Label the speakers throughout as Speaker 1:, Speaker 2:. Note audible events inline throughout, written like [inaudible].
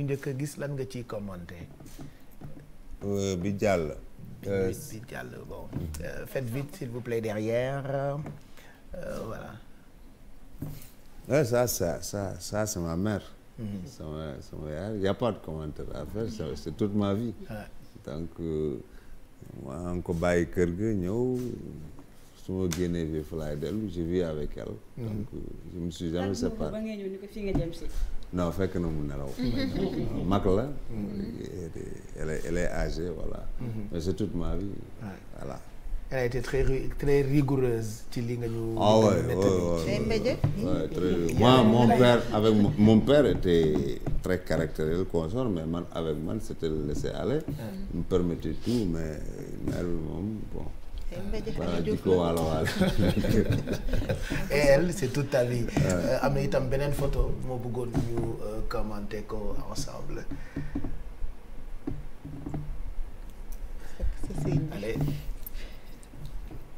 Speaker 1: ñu njëkk a gis lan nga ci commenté.
Speaker 2: Euh, bi jàll. bi euh,
Speaker 1: jàll bon mm. euh, faites vite s'il vous plaît derrière euh, voilà.
Speaker 2: Ouais, ça ça ça ça c'est ma mère. sama sama yaay y' a de commentaire à faire c'est toute ma vie. Ouais. donc maa ngi ko bàyyi kër ga ñëw. su ma génnee je vis avec elle. Mm-hmm. donc je me suis jamais séparé. ba nga fekk na mu nelaw. Mm-hmm. Mm-hmm. mag la. elle est elle est âgée voilà. mais c'est toute ma vie.
Speaker 1: moi mon père
Speaker 2: avec mon père était très caractériel consort mais man avec man c'était laisser aller. me permettait tout mais mère bi voilà [laughs] eh, di ko ah. waalo eh, waalo elle
Speaker 1: c'est toute ta vie am na itam beneen photo moo bëggoon ñu eh, commenter ko ensemble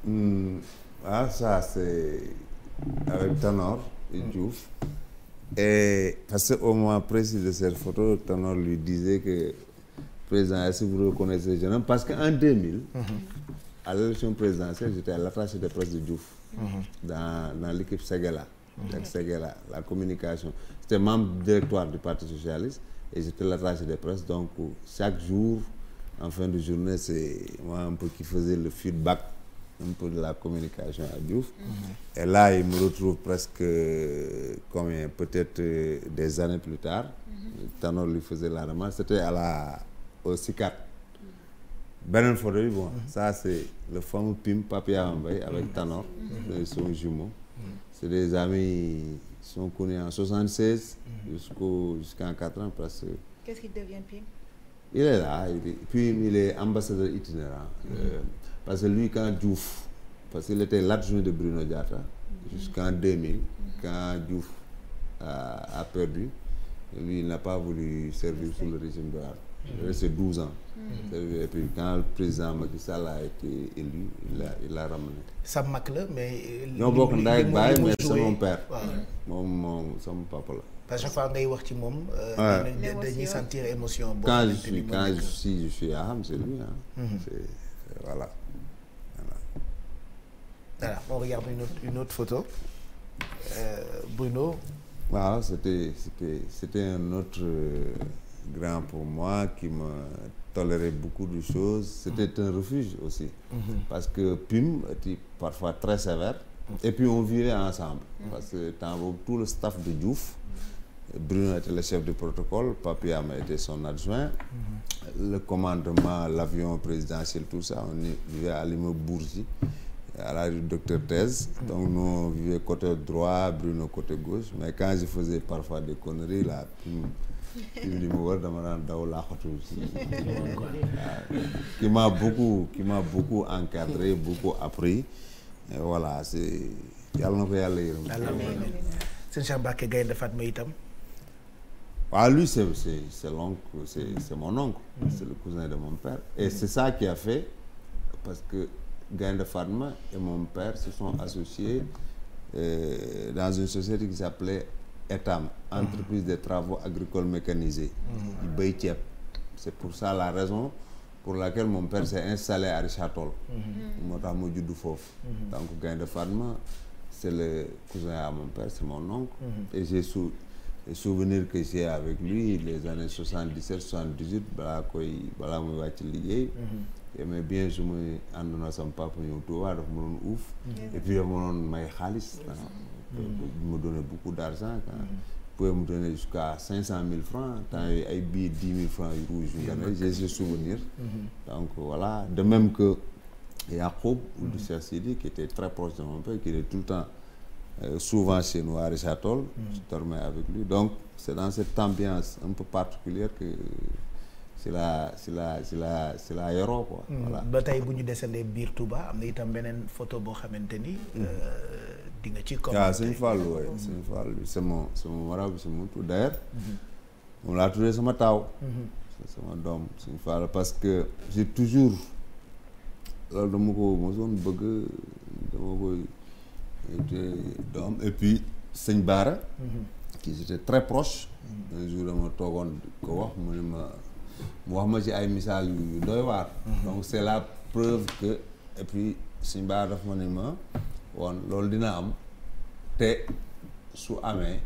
Speaker 2: mm, ah ça c'est avec Tanor et Diouf mm. et parce qu'au moment précis photo Tanor lui disait que président est-ce que vous reconnaissez le jeune homme parce qu'en à l'élection présidentielle j'étais à l'attaché de presse de Diouf mm dans l'équipe Séguéla la communication j'étais membre directoire du Parti socialiste et j'étais l'attaché de presse donc chaque jour en fin de journée c'est moi un peu qui faisais le feedback un peu de la communication à Diouf mm -hmm. et là il me retrouve presque euh, comme peut-être euh, des années plus tard mm -hmm. Tanor lui faisait la remarque c'était à la au CICAT beneen photo bi bon ça c'est le fameux Pim Papia Mbaye avec Tanor c'est son jumeau c'est des amis sont connus en 76 jusqu'au jusqu'en 80 parce que
Speaker 1: qu'est-ce qu'il devient Pim
Speaker 2: il est là il, Pim il est ambassadeur itinérant euh, parce que lui quand Diouf parce qu'il était l'adjoint de Bruno Diatta jusqu'en 2000 quand Diouf a, a perdu lui il n'a pas voulu servir sous le régime de j'ai resté douze ans. Hmm. et puis président Macky a été élu il a il a ramené.
Speaker 1: sa mag la mais. Euh, ñoo bokk ndaay ak baay mais c'est mon père.
Speaker 2: moom moom sama papa la. à chaque fois ngay wax ci moom. Euh, dañuy sentir
Speaker 1: émotion. boobu quand je suis quand je suis
Speaker 2: je suis ah c'est lui ah. c'est euh, voilà.
Speaker 1: voilà on regarde une autre une autre photo euh, Bruno.
Speaker 2: waaw c'était autre. grand pour moi, qui me tolérait beaucoup de choses. C'était mm-hmm. un refuge aussi. Mm-hmm. Parce que Pim était parfois très sévère. Mm-hmm. Et puis on vivait ensemble. Parce que tout le staff de Diouf, Bruno était le chef de protocole, Papiam était son adjoint. Le commandement, l'avion présidentiel, tout ça, on vivait à Bourgie à la rue Docteur Thèse. Donc nous, vivait côté droit, Bruno côté gauche. Mais quand je faisais parfois des conneries, là, film li mu wër dama daan daw laaxatu si [laughs] qui m'a beaucoup qui m'a beaucoup encadré beaucoup appris voilà c'est yàlla na ko yàlla yërëm
Speaker 1: sëñ Cheikh Mbacké Gaïndé Fatma itam
Speaker 2: waaw lui c'est c'est c'est l'oncle mon oncle c'est le cousin de mon père et c'est ça qui a fait parce que Gaïndé Fatma et mon père se sont associés euh, dans une société qui s'appelait ETAM entreprise des travaux agricoles mécanisés mm-hmm. di béy ceeb c'est pour ça la raison pour laquelle mon père s'est installé à mm-hmm. moo tax ma juddu foofu mm-hmm. donc Gaynde Fatma c'est le cousin à mon père c'est mon oncle et j'ai sou les souvenirs que j'ai avec lui les années 77 78 balaa koy balaa muy wàcc liggéey mais bien su muy àndoon na sama papa ñëw Touba dafa ma doon uuf et puis dafa ma doon may xaalis ah. me donnait beaucoup d'argent quand pouvez me donner cinq cent mille francs temps ay bii dix mille francs yu rouge yu gane j'ai souvenir donc de même que Yacoub Ould Cheikh Sidi qui était très proche de mon père qui était tout le temps euh, souvent chez nous à Richard Toll mm -hmm. je dormais avec lui donc c'est dans cette ambiance un peu particulière que si la si la si la si la yoroo quoi hmm. voilà
Speaker 1: ba tey bu ñu desandee biir Touba am na itam beneen photo boo xamante ni hmm. euh, di nga ci commenté waaw sëñ
Speaker 2: Fall waay sama sama maraab sama tudd d'ailleurs moom mm-hmm. laa tuddee sama taaw mm-hmm. sama doom sëñ Fall parce que j'ai toujours loolu dama ko mosoon bëgg dama koy doom et puis sëñ Baara mm-hmm. qui j'étais très proche un jour dama toogoon ko wax mu ne ma mu wax ma ci ay misaal yu doy waar donc c'est la preuve que et puis Baara daf ma ne ma woon loolu dina am te su amee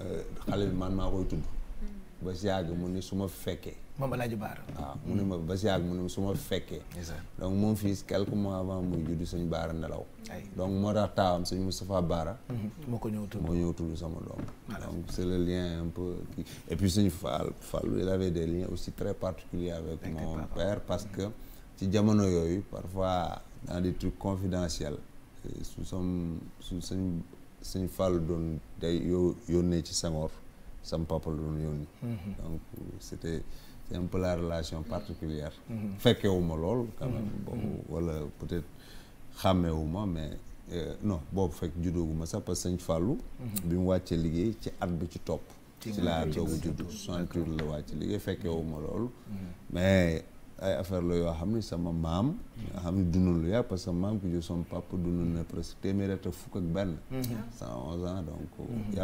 Speaker 2: euh, xale bi man maa koy tudd hmm. ba si yàgg mu ni su ma fekkee moom Alaaji Baara waaw ma ba si yàgg mu ne su ma fekkee donc mon mois avant muy juddu sëñ Baara nelaw donc moo tax taawam sëñ Moustapha Baara
Speaker 1: hmm, moo ko ñëw tudd moo
Speaker 2: ñëw tudd sama doom donc c'est le lien un peu et puis sëñ Fall Fall il avait des liens aussi très particuliers avec mon père parce hmm. que ci jamono yooyu parfois dans des trucs confidentiels su sam su sañ suñ Fall doon day yoo yónnee ci Senghor sam papa la doon yónni mhm. donc c'était c'est un peu la relation mhm. particulière mhm. fekkewuma lool quand boobu wala peut-être xàmmewuma mais euh, non boobu fekk juddooguma sax parce que sëñ Fallou bi mu wàccee liggéey ci at bi ci topp ci laa doogu judd soixante-huit la wàcce liggéey fekkewuma loolu mais ay affaire la yoo xam ne sama maam nga xam ne dund lu yàgg parce que maam ki jur sama papa dund na presque téeméer ak fukk ak benn mhm. cent onze ans donc mhm.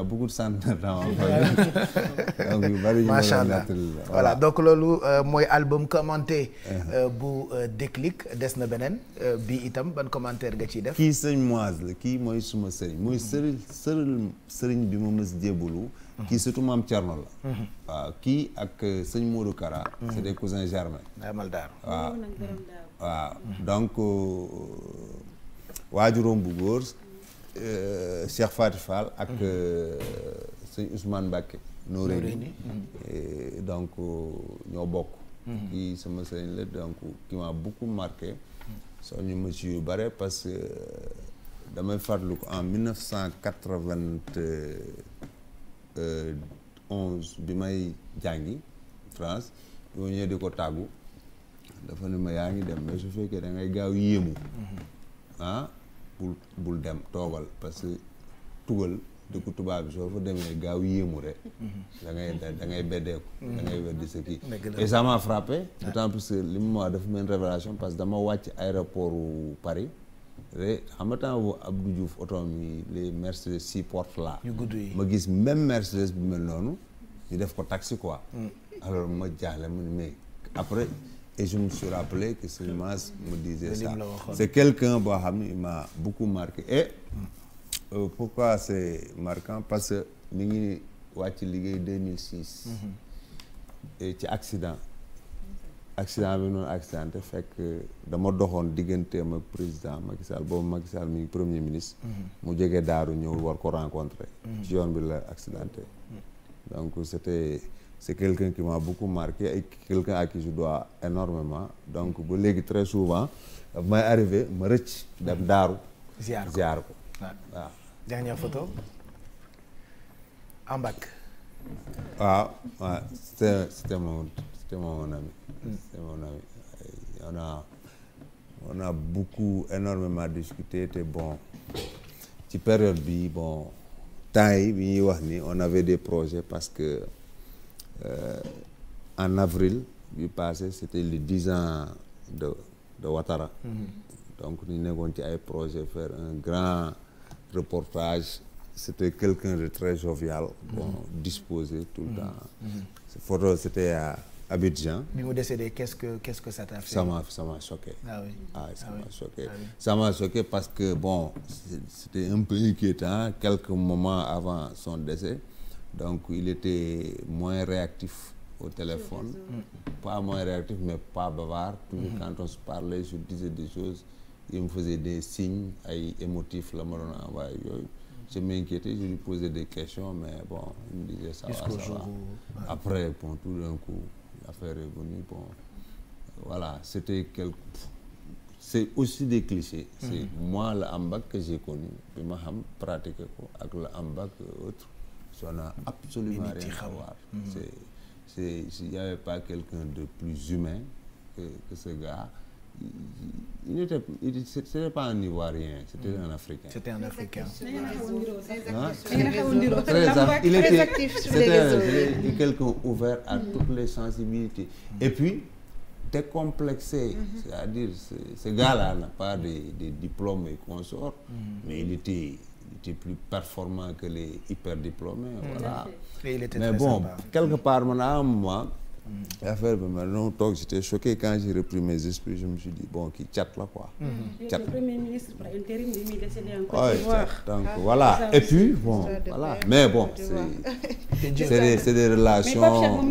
Speaker 2: y
Speaker 1: [laughs] loolu euh, mooy album commenté uh-huh. euh, bu euh, déclic des na beneen bi itam ban commentaire nga ci def kii
Speaker 2: sëñ Moise la kii mooy suma sëriñ mooy sëriñ sëriñ bi ma mës jébbalu kii ma maam Thierno la. waaw kii ak euh, sëñ Modou Kara. Mm-hmm. c'est des cousins germains. amal daar waaw donc euh, waajuróom bu góor. Euh, Cheikh Fatou Fall ak mm-hmm. sëñ Ousmane Mbacké. Noreyni mm-hmm. donc ñoo bokk. kii sama sëñ la donc qui m'a beaucoup marqué. soo ñu monsieur yu bare parce que damay fàttaliku en mille Euh, onze bi may jàngi France bi ñëwee di ko tàggu dafa ne ma yaa ngi dem mais su fekkee da ngay gaaw yéemu mhm. ah bul bul dem toogal parce que tugal dëkku tubaab bi soo fa demee gaaw yéemu rek mhm. da ngay da ngay beddeeku da mhm. ngay weddi sa kii et ça m'a frappé d'autant li mu ma wax dafa mel révélation parce que dama wàcc aéroport Paris xam a temps boobu Abdou Diouf yi les Mercedes six portes là. gudd ma gis même Mercedes bu mel noonu ñu def ko taxi quoi. Mm. alors ma jaaxle mu ne mais après et je me suis rappelé Mass me disait ça c'est quelqu'un boo xam ne m'a beaucoup marqué et mm. euh, pourquoi c'est marquant parce que mi ngi wàcc liggéey 2006. Mm-hmm. ci accident. accident bi noonu accidenté fekk euh, dama doxoon digganteem ak président Macky Sall boobu Macky Sall mi premier ministre. Mhm. mu jege daaru ñëw war ko rencontrer. Mhm. ci yoon bi la accidenté. Mhm. donc c' est quelqu'un qui m'a beaucoup marqué ay quelqu'un à qui je dois énormément donc bu léegi très souvent may arrivé ma rëcc. dem daaru. ziar ko ziar ko
Speaker 1: waaw. dernière photo
Speaker 2: c'était mon ami. C'était mon ami. On a beaucoup énormément discuté te bon ci période bi bon temps yi bi ñuy wax ni on avait des projet parce que euh, en avril bi passé c'était les dix ans de de Ouattara. Mm -hmm. donc nekkoon ci ay projet faire un grand reportage. c'était quelqu'un de très jovial. bon mm-hmm. disposé tout le mm temps. Mm-hmm. photo c'était à. Abidjan. bi mu
Speaker 1: décédé qu'est-ce que qu'est-ce que ça t'a fait. ça m'a
Speaker 2: ça m'a choqué. parce que bon c'était un peu inquiétant quelques moments avant son décès donc il était moins réactif au téléphone. pas moins réactif mais pas bavard. toujours mm -hmm. quand on se parlait je disais des choses il me faisait des signes ay émotifs la ma doon envoyé je m'inquiétais, je lui posais des questions, mais bon, il me disait ça va, ça va. Après, tout d'un coup. l'affaire est venue bon voilà c'était quelque c'est aussi des clichés mm-hmm. c'est moi la am bac que j'ai bi ma xam pratiqué ko ak la am bac autre ça n'a absolument rien à voir mm-hmm. pas quelqu'un de plus humain que que ce il était c'était pas un Ivoirien c'était mm. un Africain. c'était un Africain. il était quelqu'un ouvert à mm. toutes les sensibilités. Mm. et puis décomplexé. Mm-hmm. c'est-à-dire ce gars n'a pas de diplôme et consort. mais il était plus performant que les hyper voilà
Speaker 1: mais bon quelque
Speaker 2: part man à Mm-hmm. affaire bi man non toog j'étais choqué quand j'ai je me suis bon kii cat la quoi. Mm-hmm. Mm-hmm. cat la premier ministre par intérim bi muy décédé en Côte d'Ivoire donc voilà ah, et bon voilà bon [laughs] c'est des c'est des relations. mais Pape Cheikh moom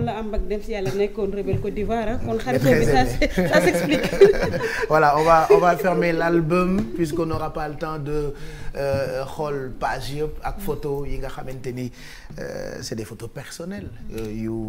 Speaker 2: ni la am ak dem si yàlla nekkoon rebelle Côte d'Ivoire ah. kon xarit bi ça ça s'explique.
Speaker 1: [laughs] voilà on va on va fermer l'album puisqu'on n'aura pas le temps de euh, xool page yëpp ak photo yi nga xamante ni euh, c'est des photos personnelles euh,